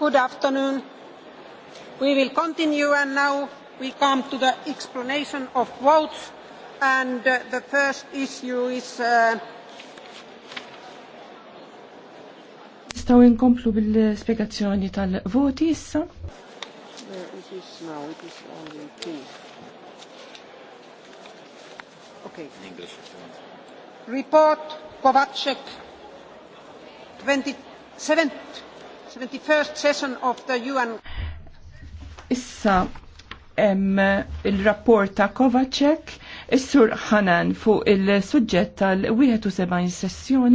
Good afternoon. We will continue and now we come to the explanation of votes and uh, the first issue is uh, Nistaw inkomplu bil-spiegazzjoni tal-voti issa. Okay. Report Kovacek 27 Issa hemm il-rapport ta' Kovacek, is-sur Hanan fuq il-suġġett tal-71 sessjoni